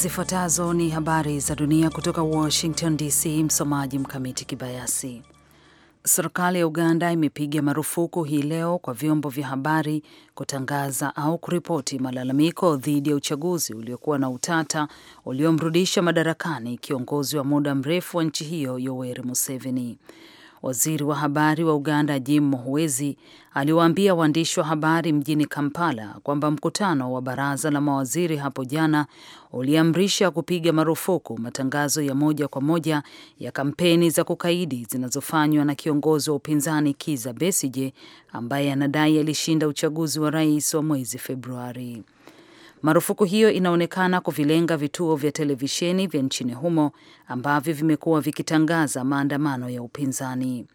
Zifuatazo ni habari za dunia kutoka Washington DC. Msomaji Mkamiti Kibayasi. Serikali ya Uganda imepiga marufuku hii leo kwa vyombo vya habari kutangaza au kuripoti malalamiko dhidi ya uchaguzi uliokuwa na utata uliomrudisha madarakani kiongozi wa muda mrefu wa nchi hiyo Yoweri Museveni. Waziri wa habari wa Uganda Jim Muhwezi aliwaambia waandishi wa habari mjini Kampala kwamba mkutano wa baraza la mawaziri hapo jana uliamrisha kupiga marufuku matangazo ya moja kwa moja ya kampeni za kukaidi zinazofanywa na kiongozi wa upinzani kiza besije ambaye anadai alishinda uchaguzi wa rais wa mwezi Februari. Marufuku hiyo inaonekana kuvilenga vituo vya televisheni vya nchini humo ambavyo vimekuwa vikitangaza maandamano ya upinzani.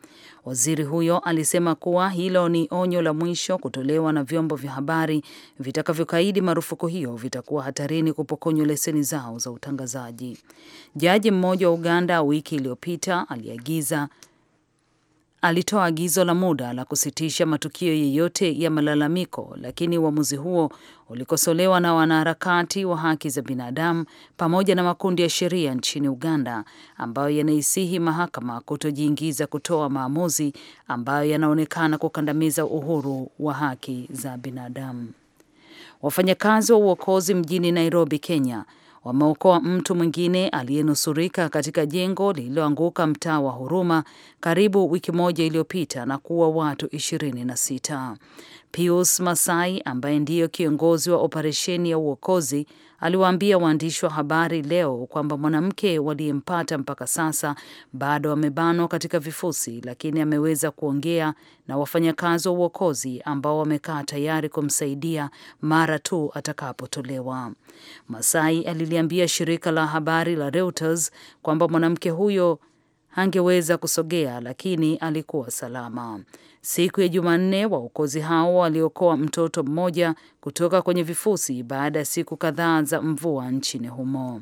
Waziri huyo alisema kuwa hilo ni onyo la mwisho kutolewa na vyombo vya habari vitakavyokaidi marufuku hiyo vitakuwa hatarini kupokonywa leseni zao za utangazaji. Jaji mmoja wa Uganda wiki iliyopita aliagiza alitoa agizo la muda la kusitisha matukio yeyote ya malalamiko, lakini uamuzi huo ulikosolewa na wanaharakati wa haki za binadamu pamoja na makundi ya sheria nchini Uganda ambayo yanaisihi mahakama kutojiingiza kutoa maamuzi ambayo yanaonekana kukandamiza uhuru wa haki za binadamu. Wafanyakazi wa uokozi mjini Nairobi, Kenya wameokoa mtu mwingine aliyenusurika katika jengo lililoanguka mtaa wa Huruma karibu wiki moja iliyopita na kuua watu 26. Pius Masai ambaye ndiyo kiongozi wa operesheni ya uokozi aliwaambia waandishi wa habari leo kwamba mwanamke waliyempata mpaka sasa bado amebanwa katika vifusi, lakini ameweza kuongea na wafanyakazi wa uokozi ambao wamekaa tayari kumsaidia mara tu atakapotolewa. Masai aliliambia shirika la habari la Reuters kwamba mwanamke huyo hangeweza kusogea, lakini alikuwa salama. Siku ya Jumanne, waokozi hao waliokoa mtoto mmoja kutoka kwenye vifusi baada ya siku kadhaa za mvua nchini humo.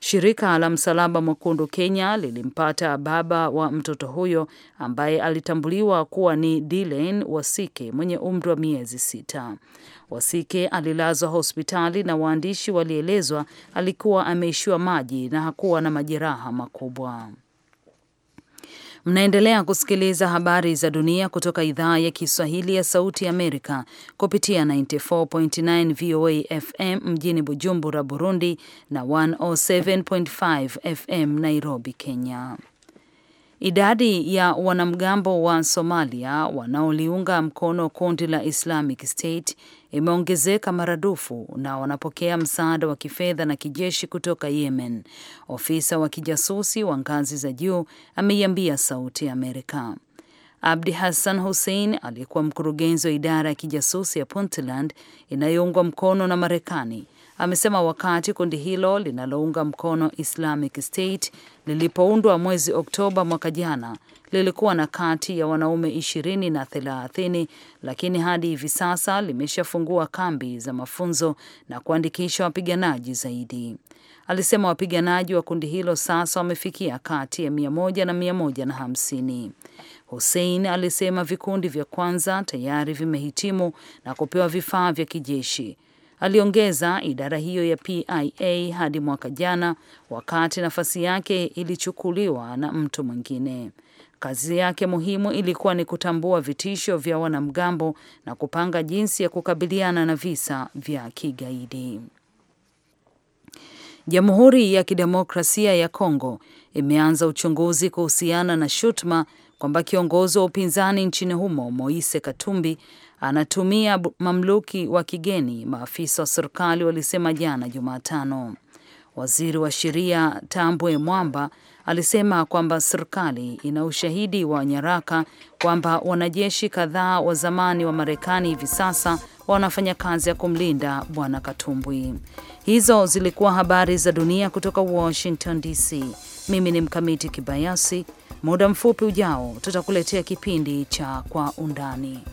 Shirika la Msalaba Mwekundu Kenya lilimpata baba wa mtoto huyo ambaye alitambuliwa kuwa ni Dylan Wasike mwenye umri wa miezi sita. Wasike alilazwa hospitali na waandishi walielezwa alikuwa ameishiwa maji na hakuwa na majeraha makubwa. Mnaendelea kusikiliza habari za dunia kutoka idhaa ya Kiswahili ya Sauti Amerika kupitia 94.9 VOA FM mjini Bujumbura, Burundi na 107.5 FM Nairobi, Kenya. Idadi ya wanamgambo wa Somalia wanaoliunga mkono kundi la Islamic State imeongezeka maradufu na wanapokea msaada wa kifedha na kijeshi kutoka Yemen. Ofisa wa kijasusi wa ngazi za juu ameiambia Sauti ya Amerika. Abdi Hassan Hussein aliyekuwa mkurugenzi wa idara ya kijasusi ya Puntland inayoungwa mkono na Marekani amesema wakati kundi hilo linalounga mkono Islamic State lilipoundwa mwezi Oktoba mwaka jana lilikuwa na kati ya wanaume ishirini na thelathini, lakini hadi hivi sasa limeshafungua kambi za mafunzo na kuandikisha wapiganaji zaidi. Alisema wapiganaji wa kundi hilo sasa wamefikia kati ya mia moja na mia moja na hamsini. Hussein alisema vikundi vya kwanza tayari vimehitimu na kupewa vifaa vya kijeshi Aliongeza idara hiyo ya PIA hadi mwaka jana, wakati nafasi yake ilichukuliwa na mtu mwingine. Kazi yake muhimu ilikuwa ni kutambua vitisho vya wanamgambo na kupanga jinsi ya kukabiliana na visa vya kigaidi. Jamhuri ya Kidemokrasia ya Kongo imeanza uchunguzi kuhusiana na shutuma kwamba kiongozi wa upinzani nchini humo Moise Katumbi anatumia mamluki wa kigeni, maafisa wa serikali walisema jana Jumatano. Waziri wa sheria Tambwe Mwamba alisema kwamba serikali ina ushahidi wa nyaraka kwamba wanajeshi kadhaa wa zamani wa Marekani hivi sasa wanafanya kazi ya kumlinda Bwana Katumbwi. Hizo zilikuwa habari za dunia kutoka Washington DC. Mimi ni Mkamiti Kibayasi. Muda mfupi ujao tutakuletea kipindi cha Kwa Undani.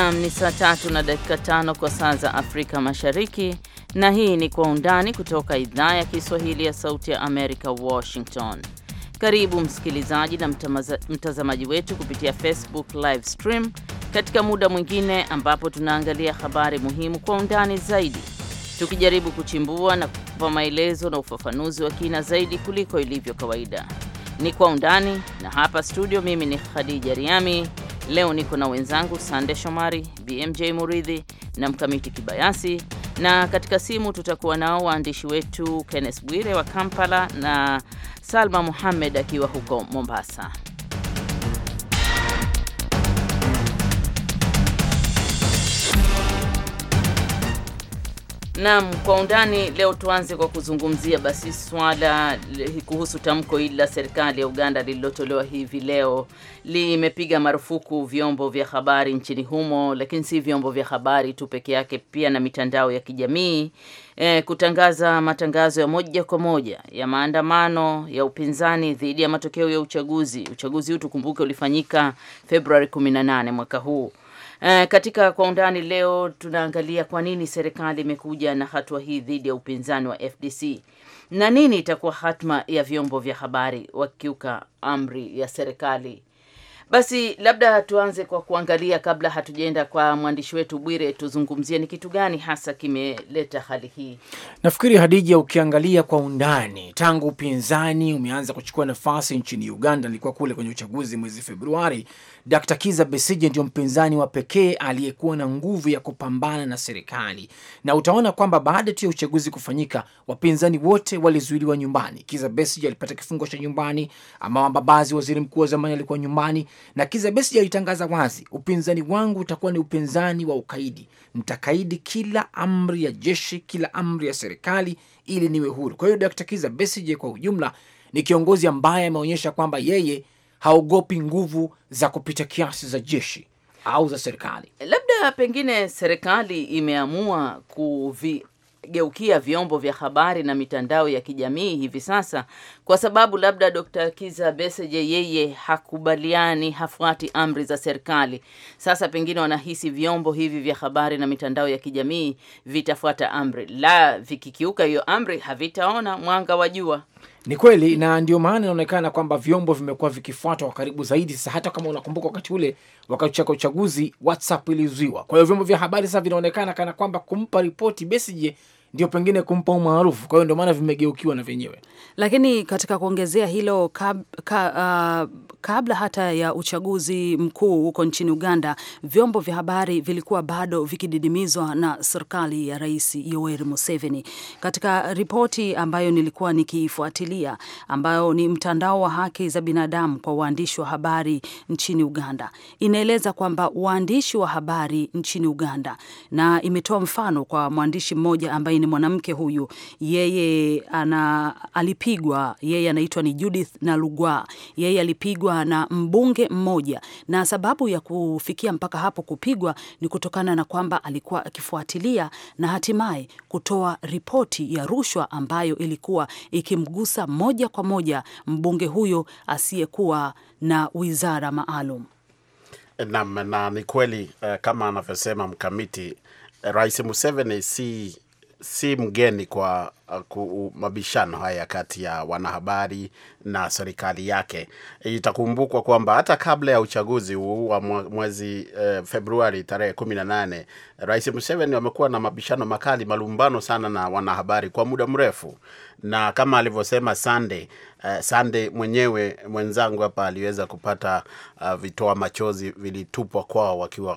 Naam, ni saa tatu na dakika tano kwa saa za Afrika Mashariki, na hii ni Kwa Undani kutoka idhaa ya Kiswahili ya Sauti ya Amerika, Washington. Karibu msikilizaji na mtazamaji wetu kupitia Facebook live stream katika muda mwingine ambapo tunaangalia habari muhimu kwa undani zaidi, tukijaribu kuchimbua na kupa maelezo na ufafanuzi wa kina zaidi kuliko ilivyo kawaida. Ni Kwa Undani, na hapa studio, mimi ni Khadija Riami Leo niko na wenzangu Sande Shomari, BMJ Muridhi na Mkamiti Kibayasi, na katika simu tutakuwa nao waandishi wetu Kenneth Bwire wa Kampala na Salma muhammed akiwa huko Mombasa. Naam, kwa undani leo tuanze kwa kuzungumzia basi swala kuhusu tamko hili la serikali ya Uganda lililotolewa hivi leo. Limepiga marufuku vyombo vya habari nchini humo, lakini si vyombo vya habari tu peke yake, pia na mitandao ya kijamii e, kutangaza matangazo ya moja kwa moja ya maandamano ya upinzani dhidi ya matokeo ya uchaguzi. Uchaguzi huu tukumbuke, ulifanyika Februari 18 mwaka huu. Eh, katika kwa undani leo tunaangalia kwa nini serikali imekuja na hatua hii dhidi ya upinzani wa FDC na nini itakuwa hatma ya vyombo vya habari wakiuka amri ya serikali. Basi labda tuanze kwa kuangalia, kabla hatujaenda kwa mwandishi wetu Bwire, tuzungumzie ni kitu gani hasa kimeleta hali hii. Nafikiri Hadija, ukiangalia kwa undani, tangu upinzani umeanza kuchukua nafasi nchini Uganda, nilikuwa kule kwenye uchaguzi mwezi Februari, Dr. Kiza Besije ndio mpinzani wa pekee aliyekuwa na nguvu ya kupambana na serikali, na utaona kwamba baada tu ya uchaguzi kufanyika, wapinzani wote walizuiliwa nyumbani. Kiza Besije alipata kifungo cha nyumbani, ama Mbabazi, waziri mkuu wa zamani, alikuwa nyumbani, na Kiza Besije alitangaza wazi, upinzani wangu utakuwa ni upinzani wa ukaidi, ntakaidi kila amri ya jeshi, kila amri ya serikali ili niwe huru. Kwa hiyo Dr. Kiza Besije kwa ujumla ni kiongozi ambaye ameonyesha kwamba yeye haogopi nguvu za kupita kiasi za jeshi au za serikali. Labda pengine serikali imeamua kuvi geukia vyombo vya habari na mitandao ya kijamii hivi sasa, kwa sababu labda Dr. Kiza beseje yeye hakubaliani, hafuati amri za serikali. Sasa pengine wanahisi vyombo hivi vya habari na mitandao ya kijamii vitafuata amri, la vikikiuka hiyo amri havitaona mwanga wa jua. Ni kweli, na ndio maana inaonekana kwamba vyombo vimekuwa vikifuatwa kwa karibu zaidi. Sasa hata kama unakumbuka wakati ule wakati cha uchaguzi WhatsApp ilizuiwa, kwa hiyo vyombo vya habari sasa vinaonekana kana kwamba kumpa ripoti Besigye ndio pengine kumpa umaarufu. Kwa hiyo ndio maana vimegeukiwa na vyenyewe. Lakini katika kuongezea hilo kab, ka, uh, kabla hata ya uchaguzi mkuu huko nchini Uganda, vyombo vya habari vilikuwa bado vikididimizwa na serikali ya Rais Yoweri Museveni. Katika ripoti ambayo nilikuwa nikiifuatilia, ambayo ni mtandao wa haki za binadamu kwa waandishi wa habari nchini Uganda, inaeleza kwamba waandishi wa habari nchini Uganda, na imetoa mfano kwa mwandishi mmoja ambaye ni mwanamke huyu, yeye ana, alipigwa yeye anaitwa ni Judith Nalugwa, yeye alipigwa na mbunge mmoja, na sababu ya kufikia mpaka hapo kupigwa ni kutokana na kwamba alikuwa akifuatilia na hatimaye kutoa ripoti ya rushwa ambayo ilikuwa ikimgusa moja kwa moja mbunge huyo asiyekuwa na wizara maalum. Naam, na ni kweli eh, kama anavyosema mkamiti eh, Rais Museveni si si mgeni kwa Uh, mabishano haya kati ya wanahabari na serikali yake. Itakumbukwa kwamba hata kabla ya uchaguzi huu wa mwezi eh, Februari tarehe kumi na nane, Rais Museveni amekuwa na mabishano makali, malumbano sana na wanahabari kwa muda mrefu, na kama alivyosema Sande Uh, Sande mwenyewe mwenzangu hapa aliweza kupata uh, vitoa machozi vilitupwa kwao wakiwa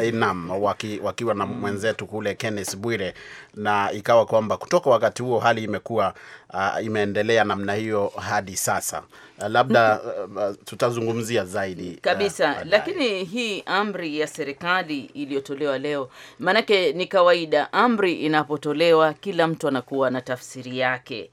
eh, wakiwa na mwenzetu kule Kenneth Bwire, na ikawa kwamba kwamba kutoka wakati huo hali imekuwa uh, imeendelea namna hiyo hadi sasa. Uh, labda mhm. uh, uh, tutazungumzia zaidi uh, kabisa uh, lakini hii amri ya serikali iliyotolewa leo, maanake ni kawaida amri inapotolewa kila mtu anakuwa na tafsiri yake.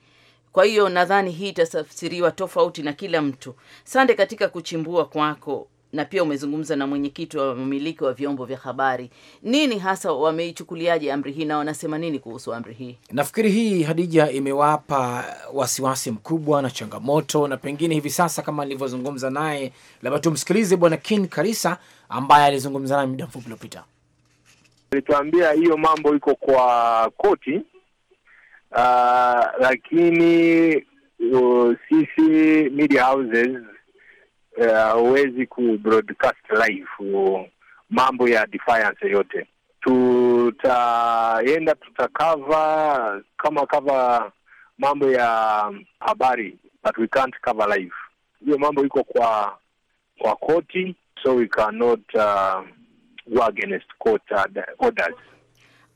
Kwa hiyo nadhani hii itatafsiriwa tofauti na kila mtu. Sande, katika kuchimbua kwako na pia umezungumza na mwenyekiti wa mmiliki wa vyombo vya habari. Nini hasa wameichukuliaje amri hii na wanasema nini kuhusu amri hii? Nafikiri hii Hadija, imewapa wasiwasi mkubwa na changamoto, na pengine hivi sasa kama nilivyozungumza naye, labda tumsikilize Bwana Kin Karisa ambaye alizungumza naye muda mfupi uliopita. Alituambia hiyo mambo iko kwa koti uh, lakini uh, sisi media houses hauwezi eh, uh, ku live uh, mambo ya defiance yote. Tutaenda tutakava kama kava mambo ya habari, but we can't cover live. Hiyo mambo iko kwa kwa koti, so we cannot uh, go against court uh, orders.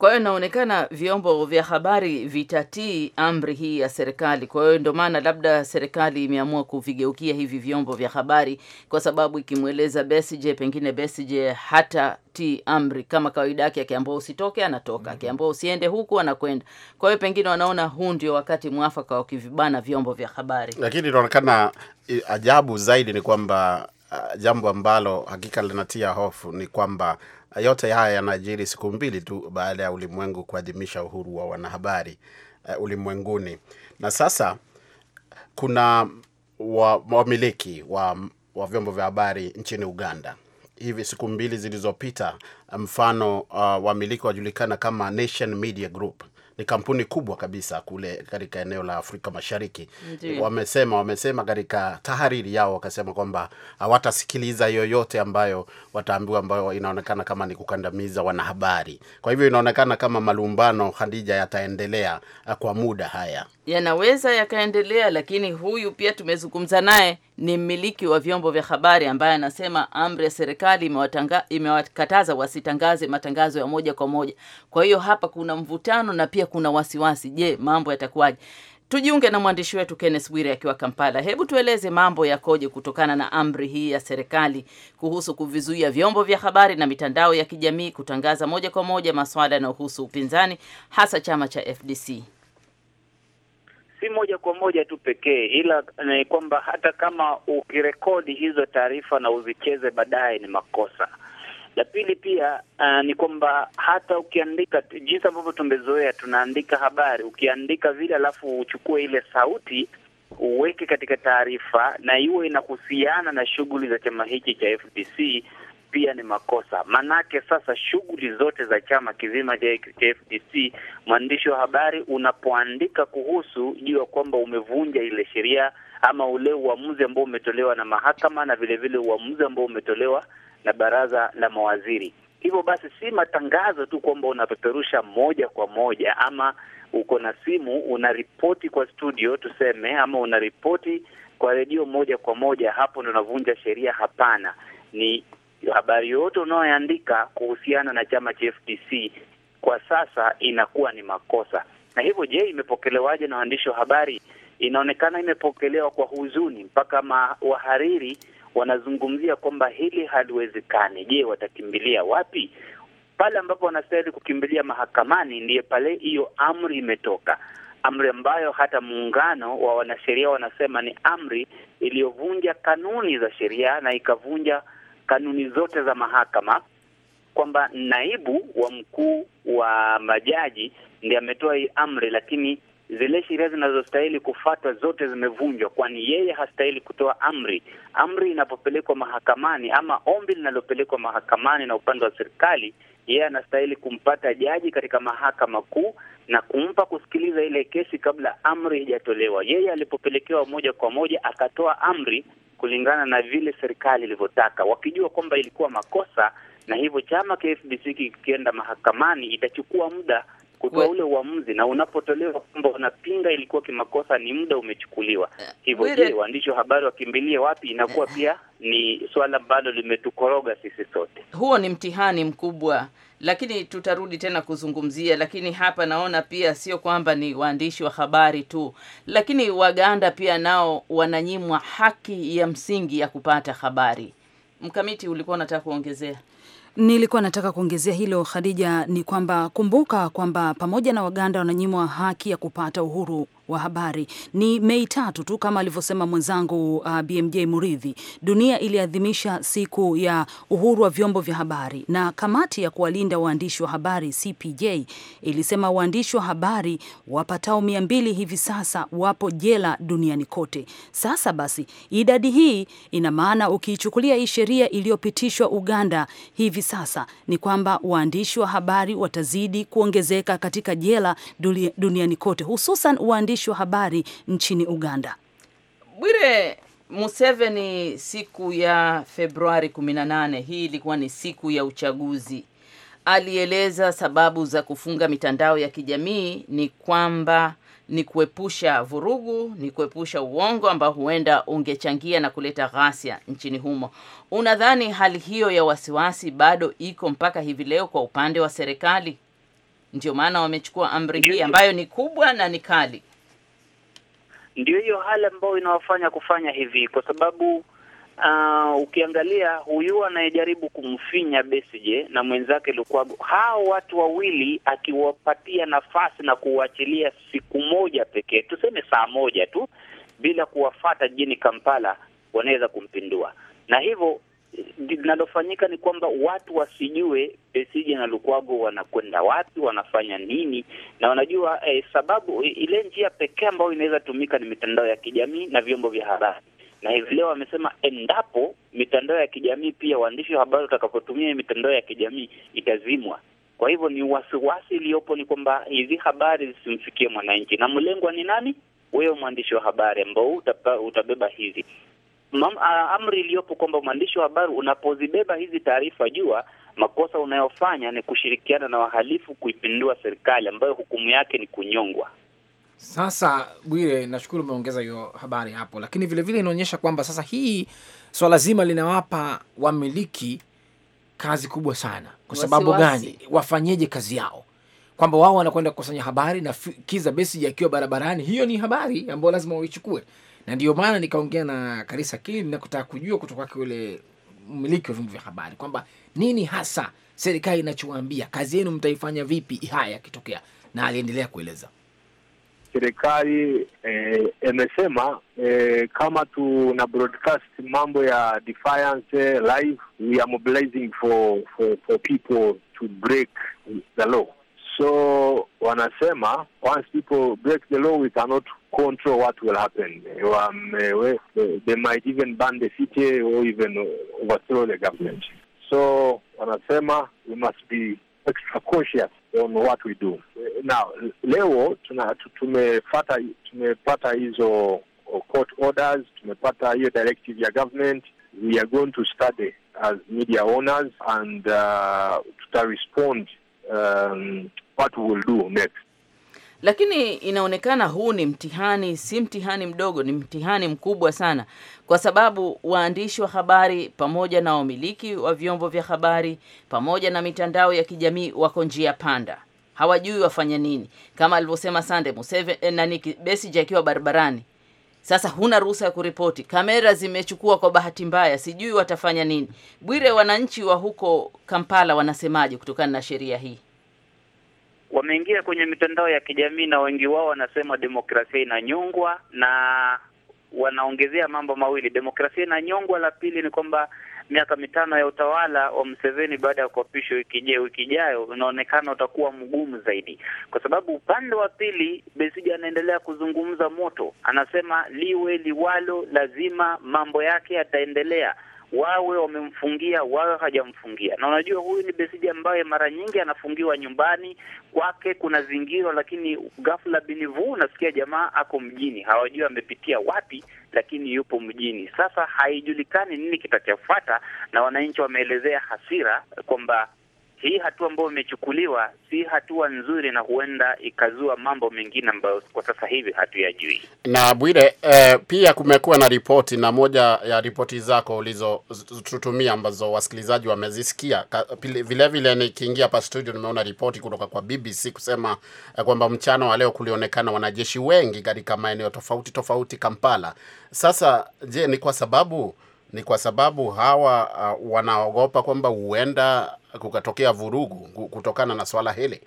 Kwa hiyo inaonekana vyombo vya habari vitatii amri hii ya serikali. Kwa hiyo ndio maana labda serikali imeamua kuvigeukia hivi vyombo vya habari, kwa sababu ikimweleza Besije, pengine Besije hata tii amri kama kawaida yake. akiambua usitoke, anatoka. Mm-hmm. akiambua usiende huku, anakwenda. Kwa hiyo pengine wanaona huu ndio wakati mwafaka wa kivibana vyombo vya habari, lakini inaonekana ajabu zaidi ni kwamba uh, jambo ambalo hakika linatia hofu ni kwamba ah, yote haya yanajiri siku mbili tu baada ya ulimwengu kuadhimisha uhuru wa wanahabari uh, ulimwenguni, na sasa kuna wamiliki wa, wa, wa vyombo vya habari nchini Uganda hivi siku mbili zilizopita, mfano uh, wamiliki wajulikana kama Nation Media Group ni kampuni kubwa kabisa kule katika eneo la Afrika Mashariki. Ndiyo. Wamesema wamesema katika tahariri yao wakasema kwamba hawatasikiliza yoyote ambayo wataambiwa, ambayo inaonekana kama ni kukandamiza wanahabari. Kwa hivyo inaonekana kama malumbano, Khadija, yataendelea kwa muda haya yanaweza yakaendelea, lakini huyu pia tumezungumza naye, ni mmiliki wa vyombo vya habari ambaye anasema amri ya serikali imewakataza wasitangaze matangazo ya moja kwa moja. Kwa hiyo hapa kuna mvutano na pia kuna wasiwasi. Je, mambo yatakuwaje? Tujiunge na mwandishi wetu Kenneth Bwire akiwa Kampala. Hebu tueleze mambo yakoje kutokana na amri hii ya serikali kuhusu kuvizuia vyombo vya habari na mitandao ya kijamii kutangaza moja kwa moja masuala yanayohusu upinzani, hasa chama cha FDC si moja kwa moja tu pekee, ila ni eh, kwamba hata kama ukirekodi hizo taarifa na uzicheze baadaye ni makosa. La pili pia uh, ni kwamba hata ukiandika, jinsi ambavyo tumezoea tunaandika habari, ukiandika vile alafu uchukue ile sauti uweke katika taarifa na iwe inahusiana na shughuli za chama hiki cha FDC pia ni makosa, manake sasa shughuli zote za chama kizima cha FDC, mwandishi wa habari unapoandika kuhusu, jua kwamba umevunja ile sheria ama ule uamuzi ambao umetolewa na mahakama na vilevile uamuzi ambao umetolewa na baraza la mawaziri. Hivyo basi si matangazo tu kwamba unapeperusha moja kwa moja ama uko na simu unaripoti kwa studio tuseme, ama unaripoti kwa redio moja kwa moja, hapo ndo unavunja sheria. Hapana, ni habari yoyote unayoandika kuhusiana na chama cha FDC kwa sasa inakuwa ni makosa. Na hivyo, je, imepokelewaje na waandishi wa habari? Inaonekana imepokelewa kwa huzuni, mpaka wahariri wanazungumzia kwamba hili haliwezekani. Je, watakimbilia wapi? Pale ambapo wanastahili kukimbilia mahakamani, ndiye pale hiyo amri imetoka, amri ambayo hata muungano wa wanasheria wanasema ni amri iliyovunja kanuni za sheria na ikavunja kanuni zote za mahakama kwamba naibu wa mkuu wa majaji ndiye ametoa hii amri, lakini zile sheria zinazostahili kufuatwa zote zimevunjwa, kwani yeye hastahili kutoa amri. Amri inapopelekwa mahakamani ama ombi linalopelekwa mahakamani na upande wa serikali, yeye anastahili kumpata jaji katika mahakama kuu na kumpa kusikiliza ile kesi kabla amri haijatolewa. Yeye alipopelekewa moja kwa moja akatoa amri, kulingana na vile serikali ilivyotaka, wakijua kwamba ilikuwa makosa, na hivyo chama kfbc kikienda mahakamani itachukua muda kutoa ule uamuzi, na unapotolewa kwamba unapinga ilikuwa kimakosa, ni muda umechukuliwa. Eh, hivyo je, waandishi wa habari wakimbilie wapi? Inakuwa eh. pia ni suala ambalo limetukoroga sisi sote. Huo ni mtihani mkubwa lakini tutarudi tena kuzungumzia. Lakini hapa naona pia sio kwamba ni waandishi wa habari tu, lakini Waganda pia nao wananyimwa haki ya msingi ya kupata habari. Mkamiti, ulikuwa unataka kuongezea? Nilikuwa nataka kuongezea hilo Khadija, ni kwamba kumbuka kwamba pamoja na Waganda wananyimwa haki ya kupata uhuru wa habari. Ni Mei tatu tu kama alivyosema mwenzangu uh, BMJ Muridhi, dunia iliadhimisha siku ya uhuru wa vyombo vya habari, na kamati ya kuwalinda waandishi wa habari CPJ ilisema waandishi wa habari wapatao mia mbili hivi sasa wapo jela duniani kote. Sasa basi, idadi hii ina maana ukiichukulia hii sheria iliyopitishwa Uganda hivi sasa ni kwamba waandishi wa habari watazidi kuongezeka katika jela duniani kote, hususan waandishi waandishi wa habari nchini Uganda. Bwire, Museveni siku ya Februari 18, hii ilikuwa ni siku ya uchaguzi, alieleza sababu za kufunga mitandao ya kijamii ni kwamba ni kuepusha vurugu, ni kuepusha uongo ambao huenda ungechangia na kuleta ghasia nchini humo. Unadhani hali hiyo ya wasiwasi bado iko mpaka hivi leo kwa upande wa serikali? Ndio maana wamechukua amri hii ambayo ni kubwa na ni kali. Ndio hiyo hali ambayo inawafanya kufanya hivi, kwa sababu uh, ukiangalia huyu anayejaribu kumfinya Besije na mwenzake Lukwago, hao watu wawili akiwapatia nafasi na kuwaachilia siku moja pekee, tuseme saa moja tu, bila kuwafata jijini Kampala, wanaweza kumpindua na hivyo linalofanyika ni kwamba watu wasijue Besigye eh, na Lukwago wanakwenda wapi, wanafanya nini, na wanajua eh, sababu ile njia pekee ambayo inaweza tumika ni mitandao ya kijamii na vyombo vya habari. Na hivi leo wamesema endapo mitandao ya kijamii pia waandishi wa habari watakapotumia mitandao ya kijamii itazimwa. Kwa hivyo ni wasiwasi iliyopo ni kwamba hizi habari zisimfikie mwananchi, na mlengwa ni nani? Wewe mwandishi wa habari ambao utabeba hizi amri iliyopo kwamba mwandishi wa habari unapozibeba hizi taarifa, jua makosa unayofanya ni kushirikiana na wahalifu kuipindua serikali ambayo hukumu yake ni kunyongwa. Sasa Bwire, nashukuru umeongeza hiyo habari hapo, lakini vilevile inaonyesha kwamba sasa hii swala zima linawapa wamiliki kazi kubwa sana. Kwa sababu wasi gani? Wafanyeje kazi yao? Kwamba wao wanakwenda kukusanya habari na kiza besi yakiwa barabarani, hiyo ni habari ambayo lazima waichukue na ndio maana nikaongea na Karisa Kili na kutaka kujua kutoka kwake yule mmiliki wa vyombo vya habari kwamba nini hasa serikali inachowaambia, kazi yenu mtaifanya vipi haya yakitokea, na aliendelea kueleza serikali eh, imesema eh, eh, kama tuna broadcast mambo ya defiance live, we are mobilizing for, for, for people to break the law. So wanasema once people break the law we cannot control what will happen. Um, eh, they might even ban the city or even overthrow the government. So wanasema we must be extra cautious on what we do. Now leo me, tumefata, tumepata hizo court orders, tumepata hiyo directive ya government. We are going to study as media owners and uh, to respond um, what we will do next. Lakini inaonekana huu ni mtihani, si mtihani mdogo, ni mtihani mkubwa sana, kwa sababu waandishi wa habari pamoja na wamiliki wa vyombo vya habari pamoja na mitandao ya kijamii wako njia panda, hawajui wafanya nini, kama alivyosema Sande Museveni eh, Besigye akiwa barabarani. Sasa huna ruhusa ya kuripoti, kamera zimechukua kwa bahati mbaya, sijui watafanya nini. Bwire, wananchi wa huko Kampala wanasemaje kutokana na sheria hii? wameingia kwenye mitandao ya kijamii na wengi wao wanasema demokrasia inanyongwa, na wanaongezea mambo mawili: demokrasia inanyongwa, la pili ni kwamba miaka mitano ya utawala wa Mseveni baada ya kuapishwa wiki ijayo unaonekana utakuwa mgumu zaidi, kwa sababu upande wa pili Besigye anaendelea kuzungumza moto, anasema liwe liwalo, lazima mambo yake yataendelea wawe wamemfungia wawe hajamfungia. Na unajua huyu ni besiji ambaye mara nyingi anafungiwa nyumbani kwake, kuna zingiro, lakini ghafla binivu unasikia jamaa ako mjini, hawajui amepitia wapi, lakini yupo mjini. Sasa haijulikani nini kitachofuata, na wananchi wameelezea hasira kwamba hii hatua ambayo imechukuliwa si hatua nzuri, na huenda ikazua mambo mengine ambayo kwa sasa hivi hatuyajui. Na Bwire, eh, pia kumekuwa na ripoti na moja ya ripoti zako ulizotutumia ambazo wasikilizaji wamezisikia vilevile. Nikiingia hapa studio, nimeona ripoti kutoka kwa BBC kusema eh, kwamba mchana wa leo kulionekana wanajeshi wengi katika maeneo tofauti tofauti Kampala. Sasa je, ni kwa sababu ni kwa sababu hawa uh, wanaogopa kwamba huenda kukatokea vurugu kutokana na swala hili?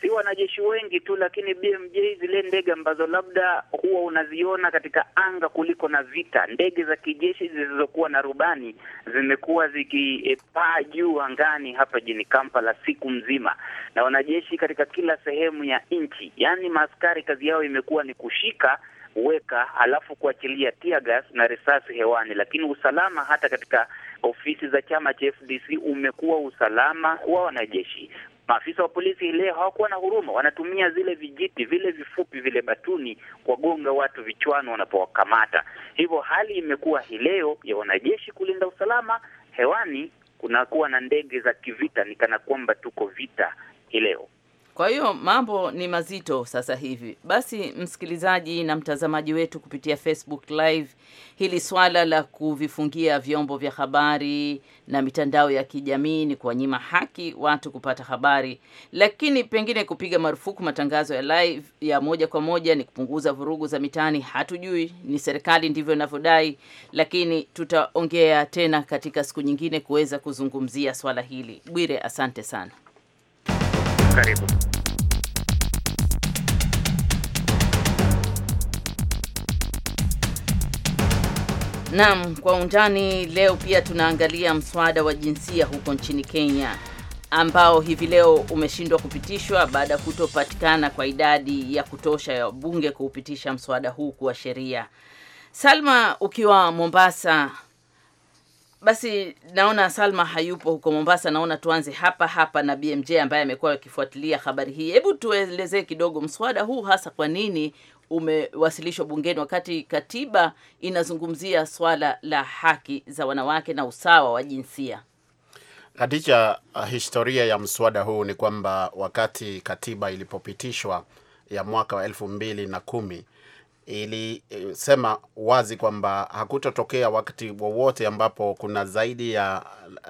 Si wanajeshi wengi tu, lakini BMJ, zile ndege ambazo labda huwa unaziona katika anga kuliko na vita, ndege za kijeshi zilizokuwa na rubani zimekuwa zikipaa juu angani hapa jini Kampala siku mzima, na wanajeshi katika kila sehemu ya nchi. Yaani maaskari kazi yao imekuwa ni kushika weka alafu kuachilia tear gas na risasi hewani, lakini usalama hata katika ofisi za chama cha FDC umekuwa usalama wa wanajeshi. Maafisa wa polisi leo hawakuwa na huruma, wanatumia zile vijiti vile vifupi vile batuni kuwagonga watu vichwani wanapowakamata. Hivyo hali imekuwa hii leo ya wanajeshi kulinda usalama hewani, kunakuwa na ndege za kivita, ni kana kwamba tuko vita hii leo. Kwa hiyo mambo ni mazito sasa hivi. Basi msikilizaji na mtazamaji wetu kupitia Facebook Live, hili swala la kuvifungia vyombo vya habari na mitandao ya kijamii ni kuwanyima haki watu kupata habari, lakini pengine kupiga marufuku matangazo ya live ya moja kwa moja ni kupunguza vurugu za mitaani. Hatujui, ni serikali ndivyo inavyodai, lakini tutaongea tena katika siku nyingine kuweza kuzungumzia swala hili. Bwire, asante sana karibu. Naam, kwa undani leo pia tunaangalia mswada wa jinsia huko nchini Kenya ambao hivi leo umeshindwa kupitishwa baada ya kutopatikana kwa idadi ya kutosha ya bunge kuupitisha mswada huu kuwa sheria. Salma, ukiwa Mombasa, basi naona Salma hayupo huko Mombasa, naona tuanze hapa hapa na BMJ ambaye amekuwa akifuatilia habari hii. Hebu tuelezee kidogo mswada huu hasa kwa nini umewasilishwa bungeni wakati katiba inazungumzia swala la haki za wanawake na usawa wa jinsia. Khadija, historia ya mswada huu ni kwamba wakati katiba ilipopitishwa ya mwaka wa elfu mbili na kumi ilisema wazi kwamba hakutotokea wakati wowote ambapo kuna zaidi ya,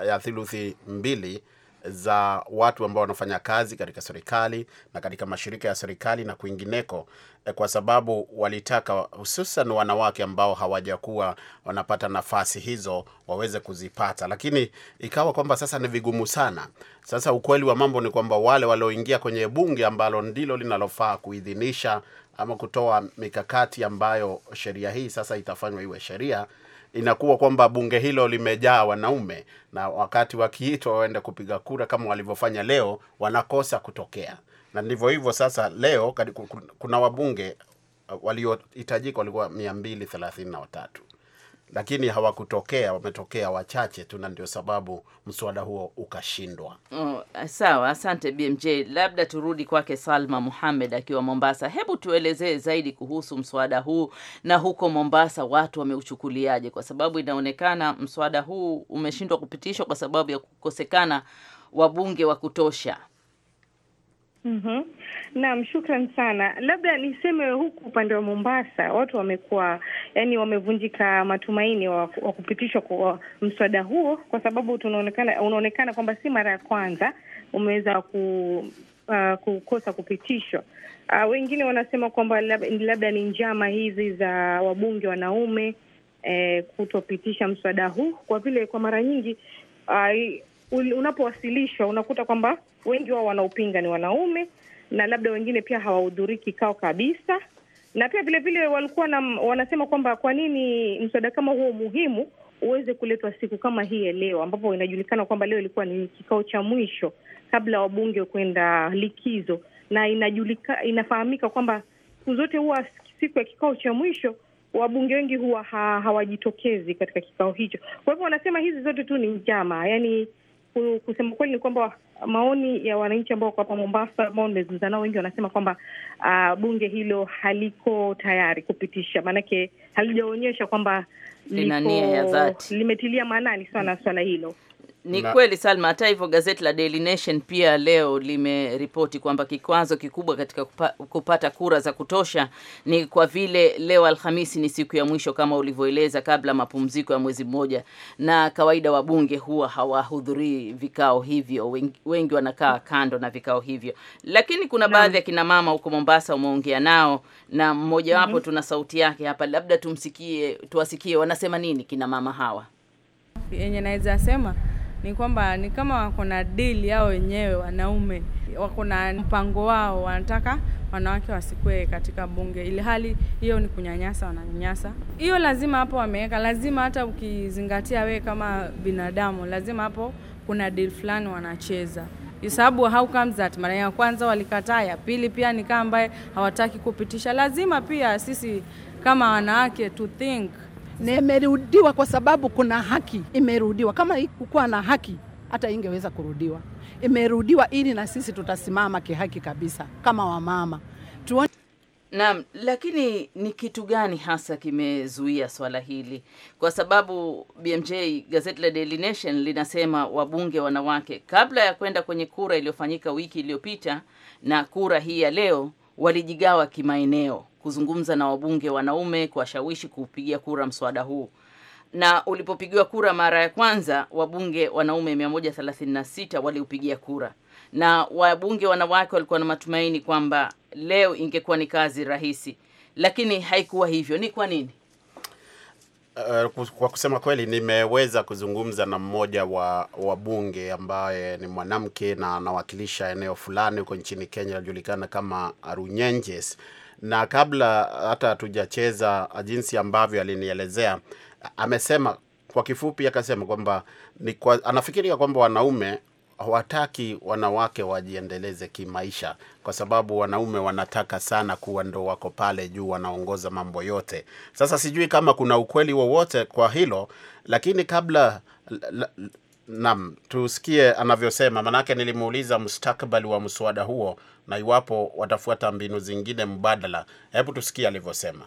ya theluthi mbili za watu ambao wanafanya kazi katika serikali na katika mashirika ya serikali na kwingineko, eh, kwa sababu walitaka hususan wanawake ambao hawajakuwa wanapata nafasi hizo waweze kuzipata, lakini ikawa kwamba sasa ni vigumu sana. Sasa ukweli wa mambo ni kwamba wale walioingia kwenye bunge ambalo ndilo linalofaa kuidhinisha ama kutoa mikakati ambayo sheria hii sasa itafanywa iwe sheria, inakuwa kwamba bunge hilo limejaa wanaume, na wakati wakiitwa waende kupiga kura kama walivyofanya leo, wanakosa kutokea. Na ndivyo hivyo sasa. Leo kuna wabunge uh, waliohitajika walikuwa mia mbili thelathini na watatu lakini hawakutokea, wametokea wachache tu, na ndio sababu mswada huo ukashindwa. Oh, sawa, asante BMJ. Labda turudi kwake Salma Muhamed akiwa Mombasa. Hebu tuelezee zaidi kuhusu mswada huu na huko Mombasa watu wameuchukuliaje, kwa sababu inaonekana mswada huu umeshindwa kupitishwa kwa sababu ya kukosekana wabunge wa kutosha. Mm -hmm. Naam, shukran sana. Labda niseme huku upande wa Mombasa watu wamekuwa yani, wamevunjika matumaini wa, wa kupitishwa kwa mswada huo, kwa sababu tunaonekana unaonekana kwamba si mara ya kwanza umeweza ku Uh, kukosa kupitishwa. Uh, wengine wanasema kwamba labda ni njama hizi za wabunge wanaume eh, kutopitisha mswada huu kwa vile kwa mara nyingi uh, unapowasilishwa unakuta kwamba wengi wao wanaopinga ni wanaume, na labda wengine pia hawahudhurii kikao kabisa, na pia vilevile walikuwa na, wanasema kwamba kwa nini mswada kama huo muhimu uweze kuletwa siku kama hii ya leo, ambapo inajulikana kwamba leo ilikuwa ni kikao cha mwisho kabla wabunge kwenda likizo, na inajulika, inafahamika kwamba siku zote huwa siku ya kikao cha mwisho wabunge wengi huwa ha, hawajitokezi katika kikao hicho. Kwa hivyo wanasema hizi zote tu ni njama, yani kusema kweli ni kwamba maoni ya wananchi ambao wako hapa Mombasa ambao nimezungumza nao, wengi wanasema kwamba uh, bunge hilo haliko tayari kupitisha, maanake halijaonyesha kwamba limetilia maanani sana swala hilo. Ni na kweli Salma. Hata hivyo gazeti la Daily Nation pia leo limeripoti kwamba kikwazo kikubwa katika kupa, kupata kura za kutosha ni kwa vile leo Alhamisi ni siku ya mwisho kama ulivyoeleza, kabla mapumziko ya mwezi mmoja, na kawaida wabunge huwa hawahudhurii vikao hivyo, wengi, wengi wanakaa kando na vikao hivyo, lakini kuna baadhi ya kina mama huko Mombasa umeongea nao na mmoja wapo mm -hmm. Tuna sauti yake hapa, labda tumsikie, tuwasikie wanasema nini kina mama hawa, yenye naweza sema ni kwamba ni kama wako na deal yao wenyewe, wanaume wako na mpango wao, wanataka wanawake wasikue katika bunge, ili hali hiyo ni kunyanyasa, wananyanyasa. Hiyo lazima hapo wameweka, lazima hata ukizingatia we kama binadamu, lazima hapo kuna deal fulani wanacheza sababu how comes that mara ya kwanza walikataa, ya pili pia ni kama ambaye hawataki kupitisha. Lazima pia sisi kama wanawake to think nimerudiwa kwa sababu kuna haki imerudiwa. Kama ikukuwa na haki hata ingeweza kurudiwa, imerudiwa ili na sisi tutasimama kihaki kabisa kama wamama tuone. Naam, lakini ni kitu gani hasa kimezuia swala hili? Kwa sababu BMJ, gazeti la Daily Nation linasema wabunge wanawake, kabla ya kwenda kwenye kura iliyofanyika wiki iliyopita na kura hii ya leo, walijigawa kimaeneo kuzungumza na wabunge wanaume kuwashawishi kupigia kura mswada huu. Na ulipopigiwa kura mara ya kwanza, wabunge wanaume 136 waliupigia kura, na wabunge wanawake walikuwa na matumaini kwamba leo ingekuwa ni kazi rahisi, lakini haikuwa hivyo. Ni kwa nini? Uh, kwa kusema kweli nimeweza kuzungumza na mmoja wa wabunge ambaye ni mwanamke na anawakilisha eneo fulani huko nchini Kenya, anajulikana kama Runyenjes na kabla hata hatujacheza jinsi ambavyo alinielezea, amesema kwa kifupi, akasema kwamba ni kwa, anafikiria kwamba wanaume hawataki wanawake wajiendeleze kimaisha, kwa sababu wanaume wanataka sana kuwa ndo wako pale juu, wanaongoza mambo yote. Sasa sijui kama kuna ukweli wowote kwa hilo, lakini kabla Naam, tusikie anavyosema, manake nilimuuliza mustakabali wa mswada huo na iwapo watafuata mbinu zingine mbadala. Hebu tusikie alivyosema.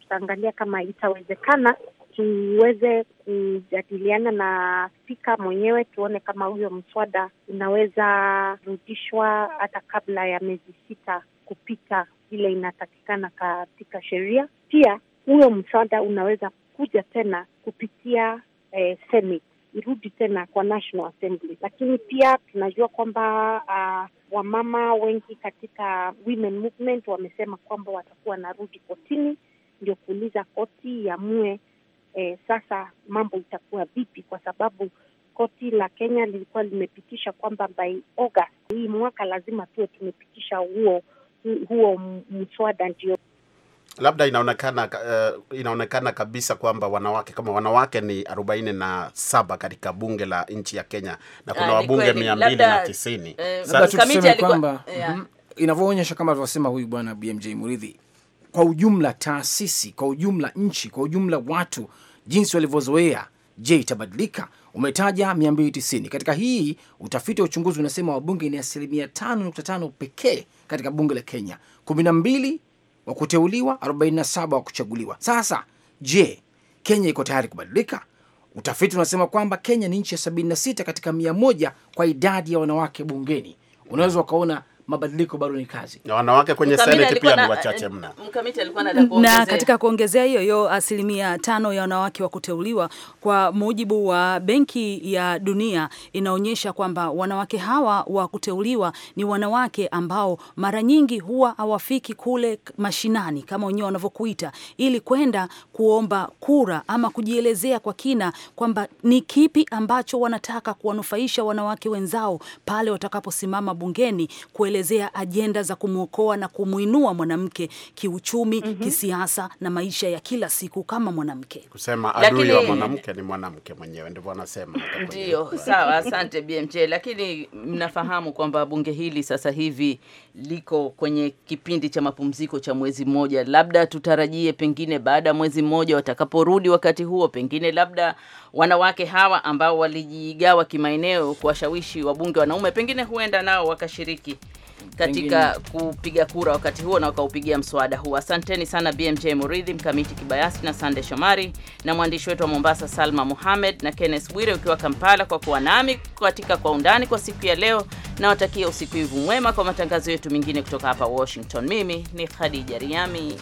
Tutaangalia kama itawezekana, tuweze kujadiliana na spika mwenyewe, tuone kama huyo mswada unaweza rudishwa hata kabla ya miezi sita kupita vile inatakikana katika sheria. Pia huyo mswada unaweza kuja tena kupitia eh, Senate irudi tena kwa National Assembly, lakini pia tunajua kwamba uh, wamama wengi katika women movement wamesema kwamba watakuwa rudi kotini ndio kuuliza koti iamue eh, sasa mambo itakuwa vipi, kwa sababu koti la Kenya lilikuwa limepitisha kwamba by August hii mwaka lazima tuwe tumepitisha huo huo mswada ndio labda inaonekana uh, inaonekana kabisa kwamba wanawake kama wanawake ni 47 katika bunge la nchi ya Kenya na kuna ah, wabunge 290 eh, kwamba mm-hmm, inavyoonyesha kama alivyosema huyu bwana BMJ Muridhi, kwa ujumla taasisi, kwa ujumla nchi, kwa ujumla watu, jinsi walivyozoea, je, itabadilika? Umetaja 290 katika hii utafiti wa uchunguzi unasema wabunge ni asilimia 5.5 pekee katika bunge la Kenya 12 wa kuteuliwa, 47 wa kuchaguliwa. Sasa je, Kenya iko tayari kubadilika? Utafiti unasema kwamba Kenya ni nchi ya 76 katika 1 kwa idadi ya wanawake bungeni. Unaweza ukaona mabadiliko bado ni kazi. Na wanawake kwenye seneti pia ni wachache eh, mna. Mkamiti alikuwa na kuongezea. Na katika kuongezea hiyo hiyo asilimia tano ya wanawake wa kuteuliwa kwa mujibu wa Benki ya Dunia inaonyesha kwamba wanawake hawa wa kuteuliwa ni wanawake ambao mara nyingi huwa hawafiki kule mashinani kama wenyewe wanavyokuita ili kwenda kuomba kura ama kujielezea kwa kina kwamba ni kipi ambacho wanataka kuwanufaisha wanawake wenzao pale watakaposimama bungeni kueleza kuelezea ajenda za kumwokoa na kumwinua mwanamke kiuchumi, mm -hmm. kisiasa na maisha ya kila siku kama mwanamke, kusema adui wa mwanamke ni mwanamke mwenyewe, ndivyo anasema. Ndio, sawa, asante BMJ. Lakini mnafahamu kwamba bunge hili sasa hivi liko kwenye kipindi cha mapumziko cha mwezi mmoja, labda tutarajie pengine baada ya mwezi mmoja watakaporudi, wakati huo pengine labda wanawake hawa ambao walijigawa kimaeneo kuwashawishi wabunge wanaume, pengine huenda nao wakashiriki katika kupiga kura wakati huo na wakaupigia mswada huu. Asanteni sana BMJ Muridhi, Mkamiti Kibayasi na Sande Shomari na mwandishi wetu wa Mombasa Salma Mohamed na Kenneth Bwire ukiwa Kampala kwa kuwa nami katika kwa undani kwa siku ya leo, na watakia usiku mwema kwa matangazo yetu mengine kutoka hapa Washington. Mimi ni Khadija Riami.